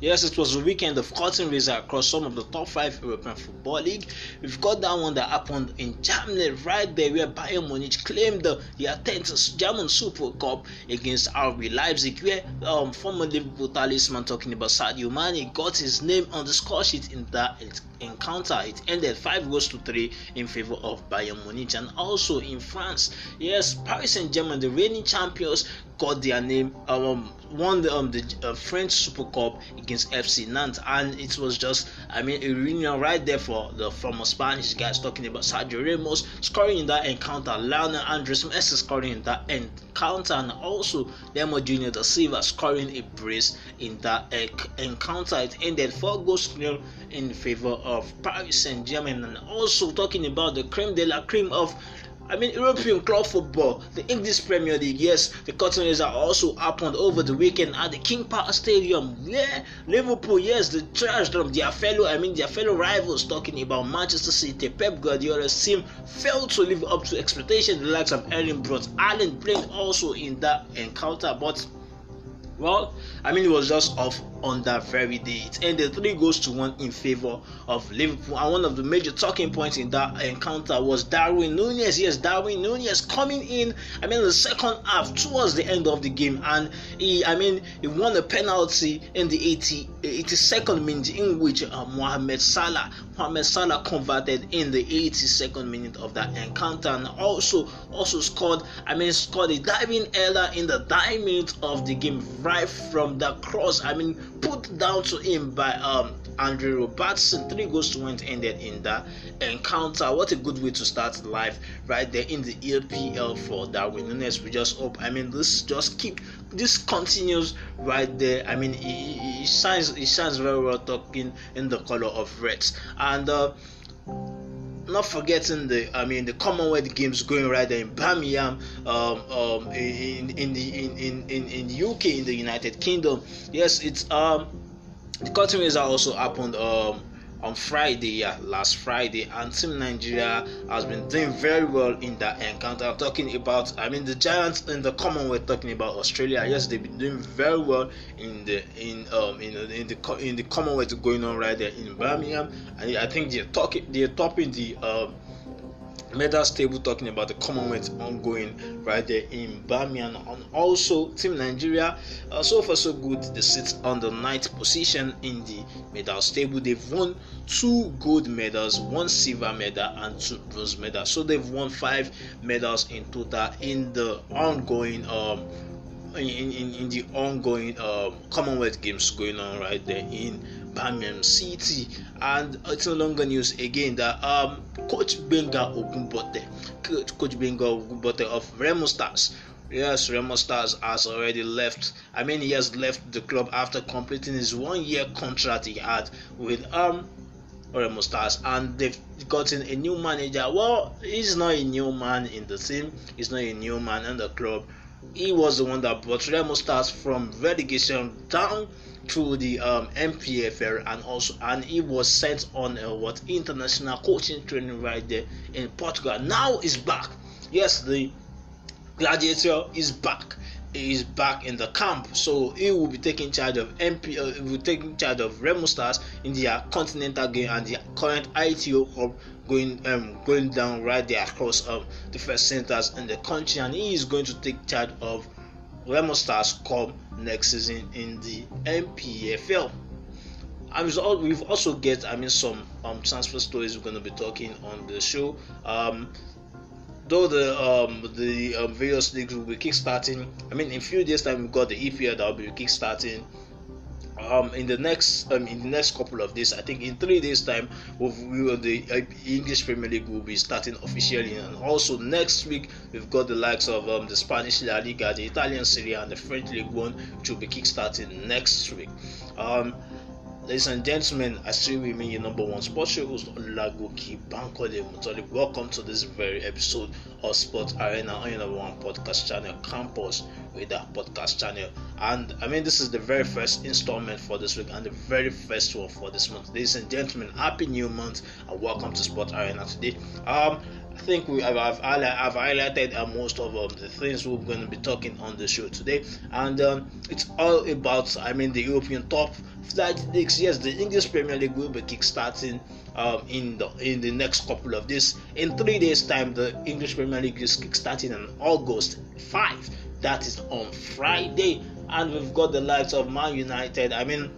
Yes, it was a weekend of cutting raiser across some of the top five European football league. We've got that one that happened in Germany right there where Bayern Munich claimed the, 10th German Super Cup against RB Leipzig where um, former Liverpool talisman talking about Sadio Mane got his name on the score sheet in that encounter. It ended 5 goals to 3 in favor of Bayern Munich and also in France. Yes, Paris Saint-Germain, the reigning champions, got their name um, won the, um, the uh, French Super Cup against FC Nantes, and it was just, I mean, a reunion right there for the former Spanish guys talking about Sergio Ramos scoring in that encounter, Lionel Andres Messi scoring in that encounter, and also Lemo Junior da Silva scoring a brace in that encounter. It ended four goals nil in favor of Paris Saint Germain, and also talking about the cream de la cream of I mean, European club football, the English Premier League, yes, the cotton are also happened over the weekend at the King Power Stadium. Yeah, Liverpool, yes, the charged them, their fellow, I mean, their fellow rivals, talking about Manchester City. Pep Guardiola's team failed to live up to expectation. The likes of Erling Brot, Allen played also in that encounter, but well, I mean, it was just off on that very day. It ended three goals to one in favour of Liverpool. And one of the major talking points in that encounter was Darwin Nunez. Yes, Darwin Nunez coming in. I mean, the second half towards the end of the game, and he, I mean, he won a penalty in the 80, 82nd minute in which uh, Mohamed Salah, Mohamed Salah converted in the 82nd minute of that encounter, and also also scored. I mean, scored a diving error in the dying minute of the game right from the cross. I mean put down to him by um, Andrew Robertson. Three goals to win ended in that encounter. What a good way to start life right there in the EPL for Darwin Nunes. We just hope. I mean, this just keep this continues right there. I mean, he, he he signs very well talking in the color of reds and. Uh, not forgetting the I mean the Commonwealth Games going right there in Birmingham, um, um, in in the in, in in the UK in the United Kingdom. Yes, it's um the cutting are also happened um on Friday, yeah, last Friday, and Team Nigeria has been doing very well in that encounter. I'm talking about, I mean, the Giants in the Commonwealth. Talking about Australia, yes, they've been doing very well in the in um in, in the in the Commonwealth going on right there in Birmingham, and I think they're talking they're topping the um medal table talking about the Commonwealth ongoing right there in Birmingham, and also Team Nigeria. Uh, so far, so good. They sit on the ninth position in the medal table. They've won two gold medals, one silver medal, and two bronze medals. So they've won five medals in total in the ongoing. Um, in, in, in the ongoing um, Commonwealth Games going on right there in Birmingham City. And it's no longer news again that um, Coach Benga Ogunbote, Coach Benga Ogunbote of Remo Stars, Yes, Remo Stars has already left. I mean, he has left the club after completing his one-year contract he had with um Remo Stars, and they've gotten a new manager. Well, he's not a new man in the team. He's not a new man in the club. He was the one that brought Remo Stars from relegation down through the um, MPFL and also and he was sent on what international coaching training right there in Portugal. Now he's back. Yes, the gladiator is back. He is back in the camp, so he will be taking charge of MP. Uh, he will taking charge of Remo Stars in their continental game and the current ITO hub going um going down right there across um first centers in the country, and he is going to take charge of Remo Stars come next season in the MPFL. I mean, we've also get I mean some um, transfer stories we're going to be talking on the show. Um, though the um, the um, various leagues will be kickstarting. I mean, in a few days time we've got the EPL that will be kickstarting um, in the next um, in the next couple of days, I think in three days' time, we'll, the uh, English Premier League will be starting officially, and also next week we've got the likes of um, the Spanish La Liga, the Italian Serie, and the French League One, which will be kick-starting next week. Um, Ladies and gentlemen, I we remain your number one sports show host, Olagoki Bankole Mutali. Welcome to this very episode of Sports Arena on your number one podcast channel, Campus with Radar Podcast Channel. And I mean, this is the very first installment for this week and the very first one for this month. Ladies and gentlemen, happy new month and welcome to Sports Arena today. Um, I think we have I've, I've highlighted uh, most of um, the things we're going to be talking on the show today, and um, it's all about I mean the European top flight leagues. Yes, the English Premier League will be kickstarting um, in the in the next couple of days. In three days' time, the English Premier League is kickstarting on August five. That is on Friday, and we've got the likes of Man United. I mean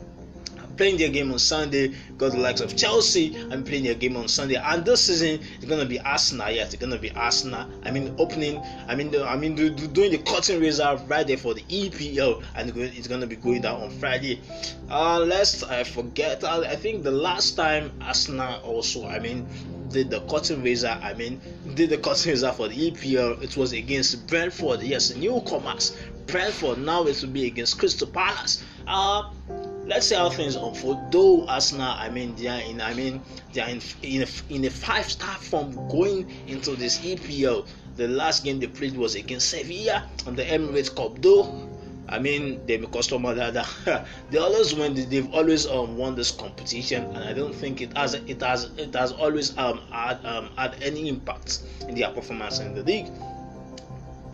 playing their game on Sunday. Got the likes of Chelsea and playing their game on Sunday. And this season it's gonna be Arsenal. Yes, it's gonna be Arsenal. I mean, opening. I mean, I mean, doing the cutting razor right there for the EPL, and it's gonna be going down on Friday. Uh, lest I forget, I, uh, I think the last time Arsenal also. I mean, did the cutting razor, I mean, did the cutting razor for the EPL. It was against Brentford, yes, newcomers. Brentford now it will be against Crystal Palace. Uh, let's see how things unfold. Though Arsenal, I mean, they are in, I mean, they are in in a, in a five-star form going into this EPL. The last game they played was against Sevilla on the Emirates Cup. Though, I mean, they customer that they always win. They've always um, won this competition, and I don't think it has it has it has always um had, um, had any impact in their performance in the league.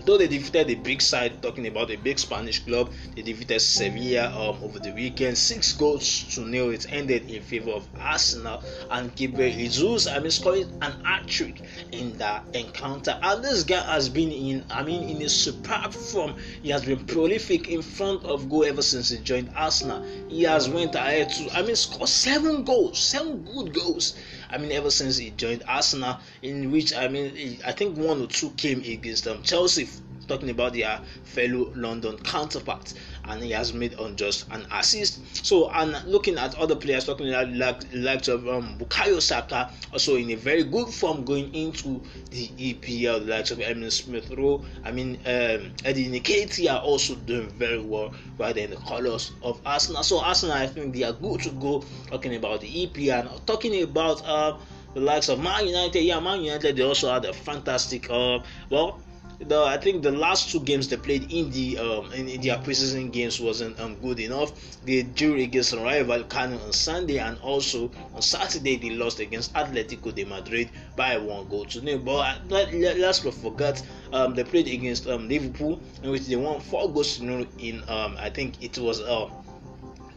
Though they defeated a big side, talking about a big Spanish club, they defeated Sevilla um, over the weekend. Six goals to nil. It ended in favor of Arsenal and Gabriel Jesus. I mean, scoring an hat trick in that encounter. And this guy has been in, I mean, in a superb form. He has been prolific in front of goal ever since he joined Arsenal. He has went ahead to, I mean, score seven goals, seven good goals. I mean, ever since he joined Arsenal, in which I mean, I think one or two came against them. Chelsea talking about their fellow London counterparts, and he has made unjust an assist. So, and looking at other players, talking about like, likes of um, Bukayo Saka, also in a very good form going into the EPL, the likes of Emil Smith Rowe, I mean, um, Eddie Nketiah are also doing very well right in the colors of Arsenal. So, Arsenal, I think they are good to go talking about the EPL, talking about uh, the likes of Man United. Yeah, Man United they also had a fantastic uh well the I think the last two games they played in the um, in, in their preseason games wasn't um, good enough. They drew against rival Can on Sunday and also on Saturday they lost against Atletico de Madrid by one goal to nil. But uh, let, let, let's not forget um, they played against um, Liverpool in which they won four goals to nil in um, I think it was uh,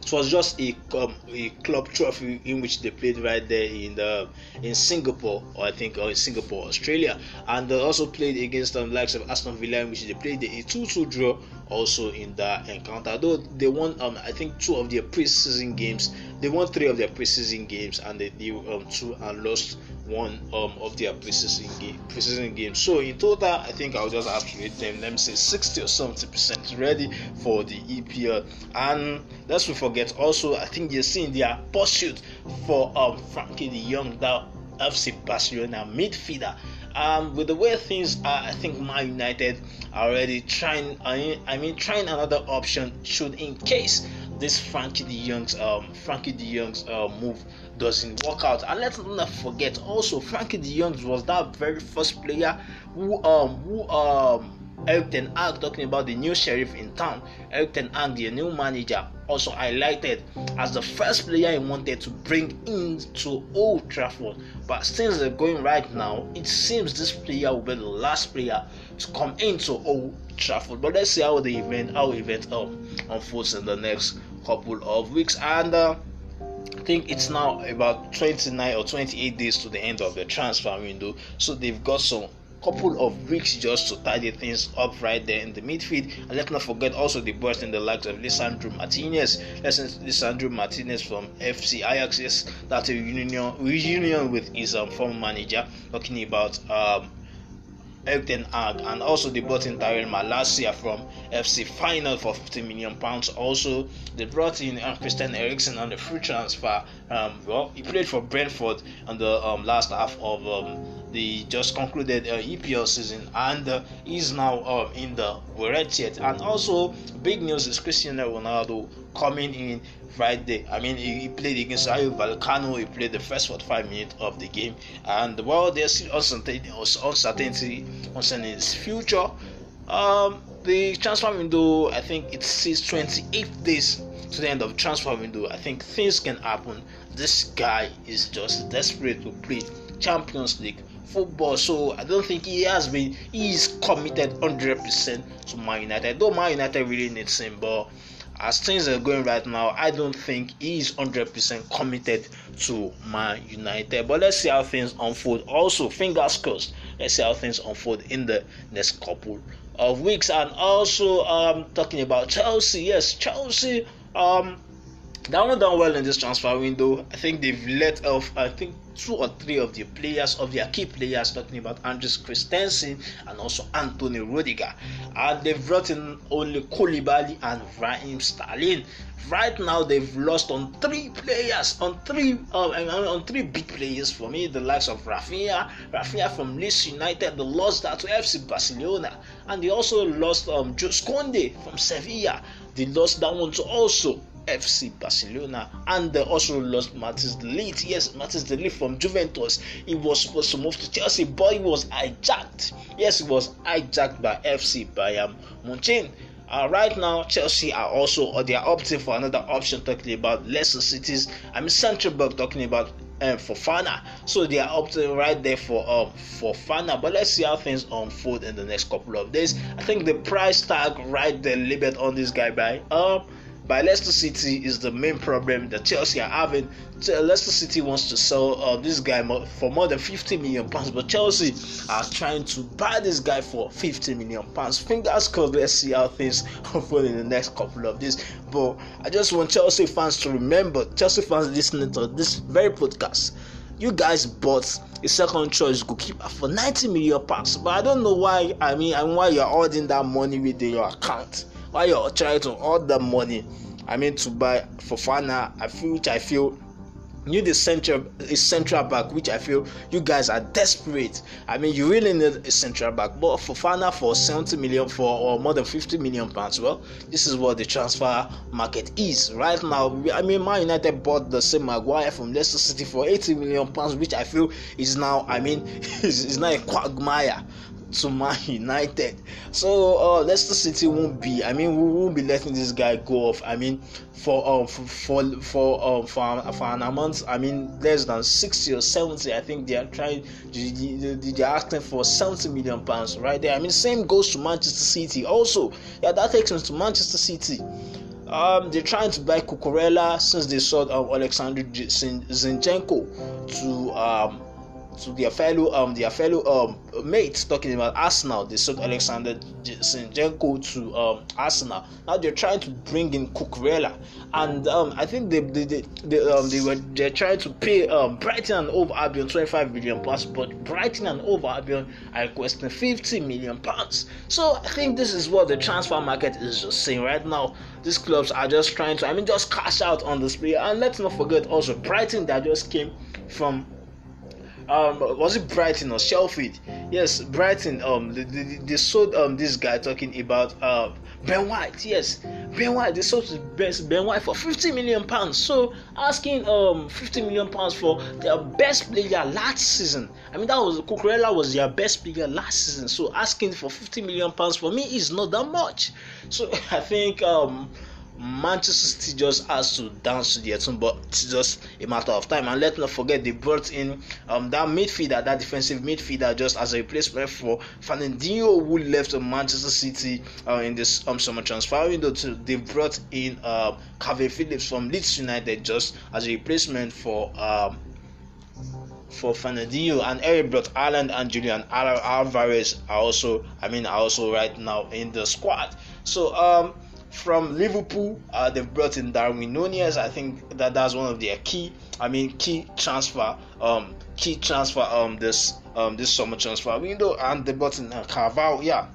it was just a, um, a club trophy in which they played right there in the in Singapore or I think or in Singapore Australia and they also played against the um, likes of Aston Villa in which they played a 2-2 draw also in that encounter. Though they won, um, I think two of their preseason games. They won three of their preseason games, and they drew um, two and lost one um, of their preseason game preseason games. So in total, I think I'll just have to rate them. Let me say 60 or 70 percent ready for the EPL. And let's not forget also, I think you're seeing their pursuit for um Frankie the Young, that FC Barcelona midfielder um, with the way things are, I think Man United are already trying. I mean, I mean, trying another option should, in case this Frankie De Young's um, Frankie De Young's uh, move doesn't work out. And let's not forget also Frankie De Young was that very first player who um who um Eric Ten Hag talking about the new sheriff in town. Eric Ten Hag, the new manager, also highlighted as the first player he wanted to bring into Old Trafford. But since they're going right now, it seems this player will be the last player to come into Old Trafford. But let's see how the event, how event um, unfolds in the next couple of weeks. And uh, I think it's now about 29 or 28 days to the end of the transfer window, so they've got some couple of weeks just to tidy things up right there in the midfield. And let's not forget also the burst in the likes of Lisandro Martinez. Lisandro Martinez from FC Ajax that's that a reunion, reunion with his um, former manager, talking about um, Elton and also they brought in Tyrell Malasia from FC Final for 50 million pounds. Also, they brought in um, Christian Eriksen on the free transfer. Um, well, he played for Brentford on the um, last half of um, they just concluded uh, EPL season and uh, is now um, in the Boretiet. And also, big news is Cristiano Ronaldo coming in Friday. I mean, he, he played against Ayo Valcano, he played the first 45 minutes of the game. And while there's still uncertainty, uncertainty concerning his future, um, the transfer window, I think it says 28 days to the end of transfer window. I think things can happen. This guy is just desperate to play Champions League football, so I don't think he has been. He is committed 100% to Man United. Though Man United really needs him, but as things are going right now, I don't think he is 100% committed to Man United. But let's see how things unfold. Also, fingers crossed. Let's see how things unfold in the next couple of weeks. And also, um, talking about Chelsea. Yes, Chelsea. Um, they haven't done well in this transfer window. I think they've let off. I think two or three of the players, of their key players, talking about Andres Christensen and also Anthony Rudiger. And they've brought in only Koulibaly and Raheem Sterling. Right now, they've lost on three players, on three um, on three big players for me, the likes of Rafinha, Rafinha from Leeds United, they lost that to FC Barcelona. And they also lost um, from Sevilla. They lost that one to also FC Barcelona and they also lost Matis Delete. Yes, Matis Delete from Juventus. He was supposed to move to Chelsea, but he was hijacked. Yes, he was hijacked by FC Bayern Munich. Uh, right now, Chelsea are also uh, they are opting for another option talking about lesser cities. I mean, Centralburg talking about um, uh, for Fana. So they are opting right there for um for Fana. But let's see how things unfold in the next couple of days. I think the price tag right there bit on this guy by um by Leicester City is the main problem that Chelsea are having. Leicester City wants to sell uh, this guy for more than 50 million pounds, but Chelsea are trying to buy this guy for 50 million pounds. Fingers crossed, let's see how things unfold in the next couple of days. But I just want Chelsea fans to remember, Chelsea fans listening to this very podcast, you guys bought a second choice goalkeeper for 90 million pounds, but I don't know why. I mean, and why you're holding that money within your account why you're trying to earn the money i mean to buy fofana i feel which i feel you the central a central back which i feel you guys are desperate i mean you really need a central back but for fana for 70 million for or more than 50 million pounds well this is what the transfer market is right now i mean man united bought the same maguire from leicester city for 80 million pounds which i feel is now i mean is, is now a quagmire to Man United. So uh, Leicester City won't be. I mean, we won't be letting this guy go off. I mean, for um for for for, um, for an amount. I mean, less than sixty or seventy. I think they are trying. They are asking for seventy million pounds right there. I mean, same goes to Manchester City. Also, yeah, that takes us to Manchester City. Um, they're trying to buy Cucurella since they sold um, Alexander Zinchenko to um, to their fellow um their fellow um mates talking about Arsenal. They sold Alexander Sinjenko to um Arsenal. Now they're trying to bring in Cucurella, and um I think they they, they, they um they were they're trying to pay um Brighton and Over Albion 25 million pounds, but Brighton and Over Albion are requesting 50 million pounds. So I think this is what the transfer market is just saying right now. These clubs are just trying to I mean just cash out on this player, and let's not forget also Brighton that just came from um was it Brighton or Sheffield? Yes, Brighton. Um, they, they, they sold um this guy talking about uh Ben White. Yes, Ben White. They sold Ben White for 50 million pounds. So asking um 50 million pounds for their best player last season. I mean that was Cucurella was their best player last season. So asking for 50 million pounds for me is not that much. So I think um Manchester City just has to dance to their tune, but it's just a matter of time. And let's not forget they brought in um, that midfielder, that defensive midfielder, just as a replacement for Fernandinho, who left Manchester City uh, in this um, summer transfer window. To, they brought in uh, Calvin Phillips from Leeds United just as a replacement for. Um, for Fernandinho and Eric brought Ireland and Julian Alvarez are also I mean are also right now in the squad. So um from Liverpool. Uh, they've brought in Darwin Nunez. I think that that's one of their key. I mean, key transfer. Um, key transfer. Um, this um this summer transfer window, and they brought in uh, Carval. Yeah,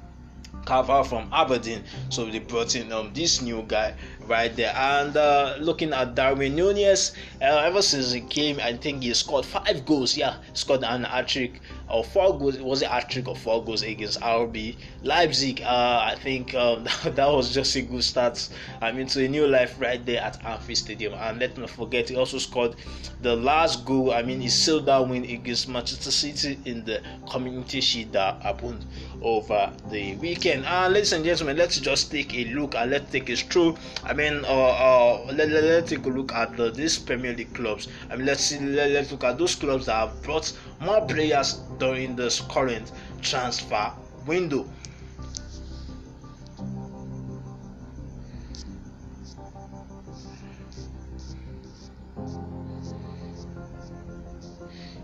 Carval from Aberdeen. So they brought in um this new guy right there. And uh, looking at Darwin Nunez, uh, ever since he came, I think he scored five goals. Yeah, scored an hat trick or four goals. It was it hat trick or four goals against RB Leipzig. Uh, I think um, that was just a good start. I mean, to a new life right there at Anfield Stadium. And let not forget, he also scored the last goal. I mean, he sealed that win against Manchester City in the Community Shield that happened over the weekend. And ladies and gentlemen, let's just take a look and let's take a stroll. I mean, uh, uh, let, let, let's take a look at the, these Premier League clubs. I mean, let's see, let, let's look at those clubs that have brought more players during this current transfer window.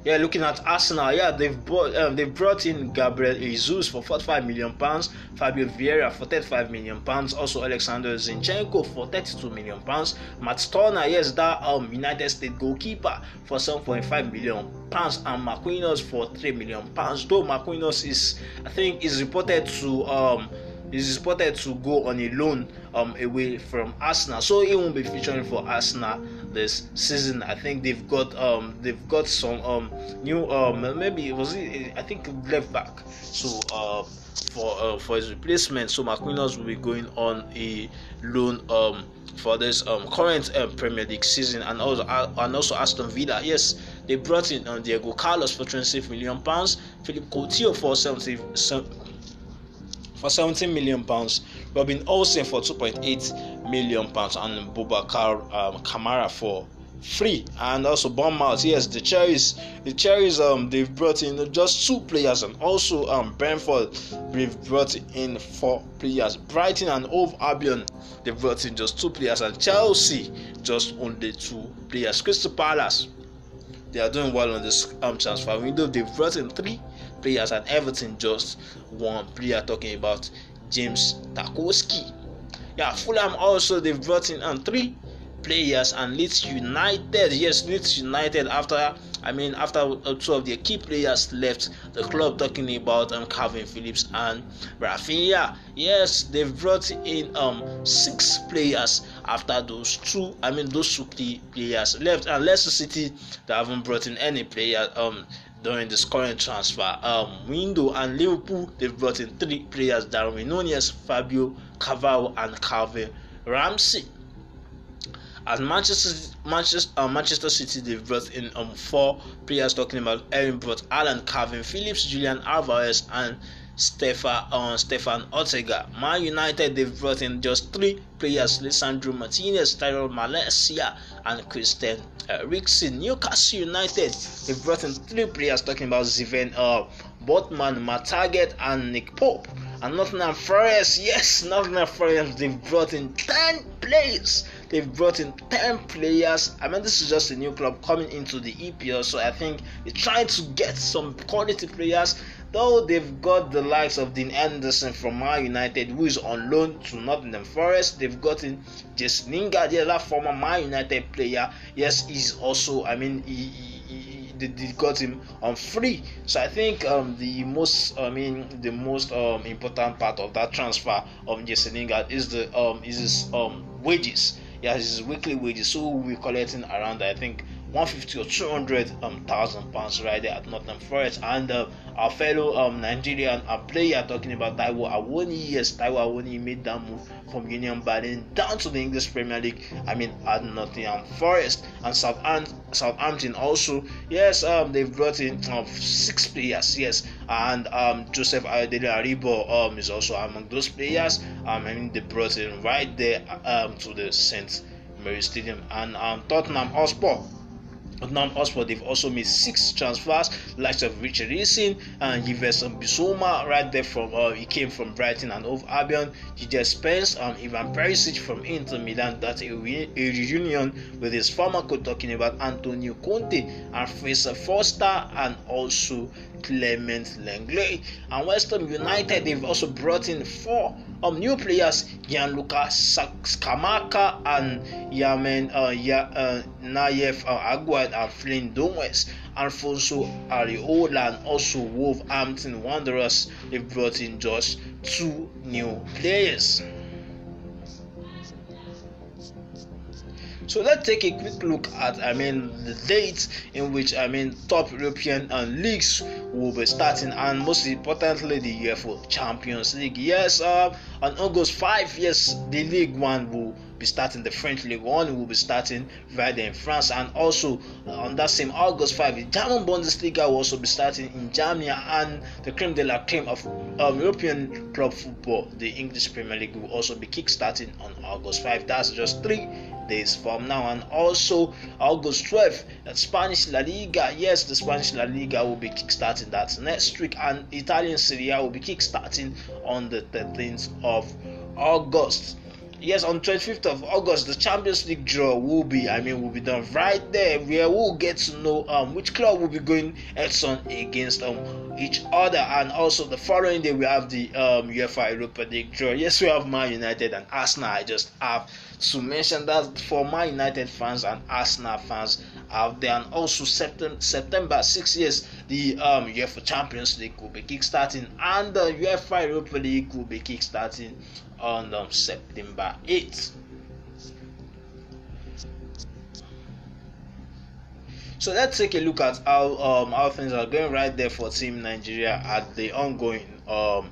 Yeah, looking at Arsenal, yeah, they've brought um, they've brought in Gabriel Jesus for 45 million pounds, Fabio Vieira for 35 million pounds, also Alexander Zinchenko for 32 million pounds, Matt Turner, yes, that um, United States goalkeeper for 7.5 million pounds, and Marquinhos for 3 million pounds. Though Marquinhos is, I think, is reported to um is reported to go on a loan um, away from Arsenal, so he won't be featuring for Arsenal this season. I think they've got um, they've got some um, new um, maybe it was it, I think left back. So uh, for uh, for his replacement, so Marquinhos will be going on a loan um, for this um, current um, Premier League season, and also uh, and also Aston Villa. Yes, they brought in um, Diego Carlos for 26 million pounds, Philip Coutinho for 70 for 17 million pounds, Robin Olsen for 2.8 million pounds, and Bubakar um, Kamara for free and also Bournemouth. Yes, the Cherries, the Cherries, um, they've brought in just two players, and also um, Brentford, they've brought in four players. Brighton and Hove Albion, they've brought in just two players, and Chelsea just only two players. Crystal Palace, they are doing well on this um transfer window. They've brought in three players, and everything just one player talking about James Tarkowski. Yeah, Fulham also they've brought in and um, three players and Leeds United. Yes, Leeds United after I mean after two of their key players left the club talking about um Calvin Phillips and Rafinha. Yes, they've brought in um six players after those two I mean those two key players left and Leicester City they haven't brought in any player um during this current transfer um, window. And Liverpool, they've brought in three players Darwin Nunez, Fabio Cavallo, and Calvin Ramsey. As Manchester Manchester, uh, Manchester City, they've brought in um, four players talking about Erin brought Alan Calvin Phillips, Julian Alvarez, and Stefan, uh, Stefan Ortega. Man United, they've brought in just three players Lisandro Martinez, Tyrell Malasia, and Christian Eriksen. Newcastle United, they've brought in three players, talking about Ziven uh, Botman, Matarget, and Nick Pope. And Nottingham Forest, yes, Nottingham Forest, they've brought in 10 players. They've brought in 10 players. I mean, this is just a new club coming into the EPL, so I think they're trying to get some quality players though they've got the likes of Dean Anderson from Man United, who is on loan to Nottingham Forest, they've gotten Jesse Lingard, the other former Man United player. Yes, he's also, I mean, he, he, he, they, they got him on free. So I think um, the most, I mean, the most um, important part of that transfer of Jesse Lingard is the um, is his um, wages. Yeah, his weekly wages. So we're collecting around, I think, 150 or 200 um, thousand pounds right there at Nottingham Forest. And uh, our fellow um, Nigerian uh, player talking about Taiwo Awoni, yes, Taiwo Awoni made that move from Union Berlin down to the English Premier League. I mean, at Nottingham Forest and Southampton. Southampton also, yes, um, they've brought in um, six players, yes, and um, Joseph Ayodele Aribo um, is also among those players. Um, I mean, they brought in right there um, to the Saint Mary Stadium and um, Tottenham Hotspur non now they've also made six transfers, likes of Richard Eason and Yves Bissouma right there from uh, he came from Brighton and Hove Albion, Didier Spence and Ivan Perisic from Inter Milan. That's a, re- a reunion with his former coach talking about Antonio Conte and Fraser Foster and also Clement Langley. And West Ham United, they've also brought in four um, new players Gianluca Skamaka and Yamen uh, ya, uh, Nayef uh, Aguad and Flynn Domes. Alfonso Areola and also Wolf Hampton Wanderers, they've brought in just two new players. So let's take a quick look at I mean the dates in which I mean top European and uh, leagues will be starting, and most importantly the UEFA Champions League. Yes, uh, on August 5, yes, the League One will be starting the French League One, will be starting right there in France, and also uh, on that same August 5, the German Bundesliga will also be starting in Germany, and the creme de la creme of um, European club football, the English Premier League, will also be kick-starting on August 5. That's just three days from now and also august 12th spanish la liga yes the spanish la liga will be kickstarting that next week and italian serie a will be kickstarting on the 13th of august Yes, on 25th of August, the Champions League draw will be, I mean, will be done right there where we'll get to know um, which club will be going against um, each other. And also the following day, we have the um, UEFA Europa League draw. Yes, we have Man United and Arsenal. I just have to mention that for Man United fans and Arsenal fans out there, and also September, September 6 years the um, UEFA Champions League will be kickstarting, and the UEFA Europa League will be kickstarting on um, September 8th. So let's take a look at how um, how things are going right there for Team Nigeria at the ongoing um,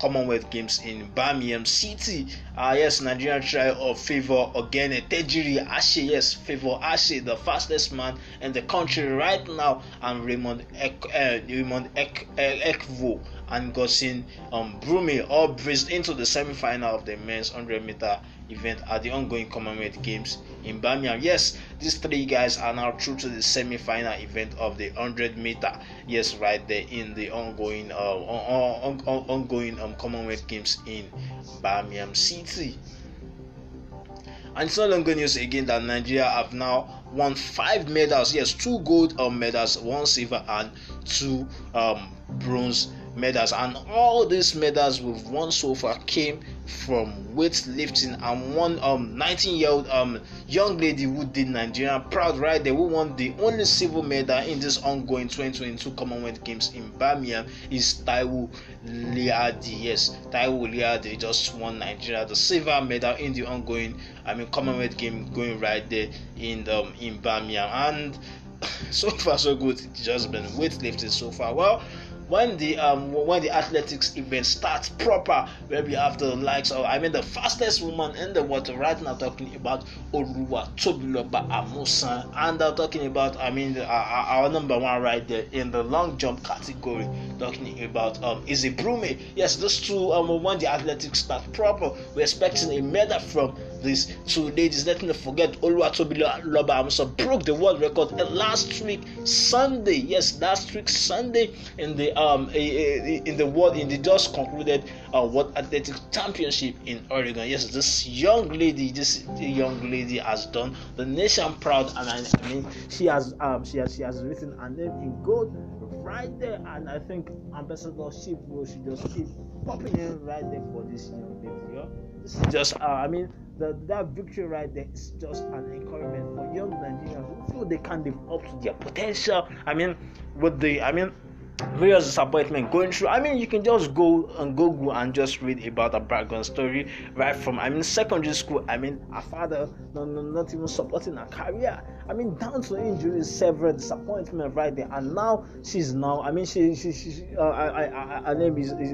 Commonwealth Games in Birmingham City. Uh, yes, Nigerian try of favor again. Tejiri Ashe, yes, favor Ashe, the fastest man in the country right now, and Raymond Ek, uh, Raymond Ek, eh, Ekvo and Gosin um, Brumi all breezed into the semi final of the men's 100 meter event at the ongoing Commonwealth Games in Birmingham. Yes, these three guys are now through to the semi-final event of the 100 meter. Yes, right there in the ongoing uh, on, on, on, ongoing um, Commonwealth Games in Birmingham City. And it's no longer news again that Nigeria have now won five medals. Yes, two gold um, medals, one silver, and two um, bronze medals, and all these medals we've won so far came from weightlifting. And one 19-year-old um, um, young lady who did Nigeria proud right there, who won the only silver medal in this ongoing 2022 Commonwealth Games in Birmingham, is Taiwo Liadi. Yes, Taiwo Liadi just won Nigeria the silver medal in the ongoing, I mean, Commonwealth game going right there in the, um, in Birmingham. And so far so good. It's just been weightlifting so far. Well, when the um when the athletics event starts proper, where we have the likes of I mean the fastest woman in the world right now talking about Oluwa Tobiloba Amusan, and I'm talking about I mean uh, uh, our number one right there in the long jump category, talking about um Izzy Brume. Yes, those two um when the athletics start proper, we're expecting a medal from this. today, ladies, let me forget Oluwatobi Lobamuso broke the world record uh, last week Sunday. Yes, last week Sunday in the um in the world in the just concluded uh, World Athletic Championship in Oregon. Yes, this young lady, this young lady has done the nation proud, and I, I mean she has um she has she has written her name in gold right there, and I think ambassadorship should just keep popping in right there for this young lady. Yeah? This is just, uh, I mean, the, that victory right there is just an encouragement for young Nigerians who feel they can live up to their potential. I mean, with the, I mean, various disappointment going through i mean you can just go on google and just read about a background story right from i mean secondary school i mean a father no, no, not even supporting her career i mean down to injuries several disappointment right there and now she's now i mean she she, she uh, I, I, her name is, is,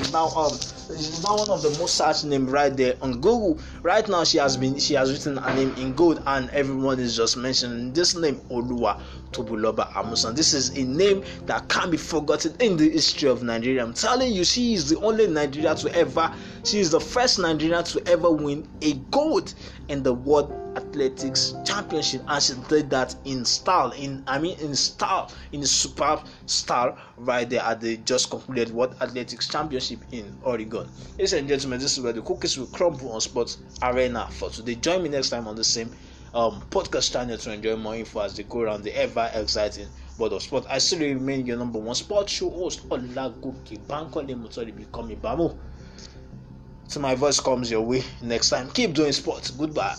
is now um she's now one of the most searched name right there on google right now she has been she has written her name in gold and everyone is just mentioning this name Olua tobuloba amusan this is a name that can be forgotten in the history of Nigeria. I'm telling you, she is the only Nigeria to ever, she is the first Nigeria to ever win a gold in the World Athletics Championship, and she did that in style. In I mean, in style, in superb style, right there at the just concluded World Athletics Championship in Oregon. Ladies and gentlemen, this is where the cookies will crumble on Sports Arena for today. Join me next time on the same um, podcast channel to enjoy more info as they go around the ever exciting World of Sport. I still remain your number one sports show host, Olagoke Bankole Mutori Become bamu. Till my voice comes your way next time. Keep doing sports. Goodbye.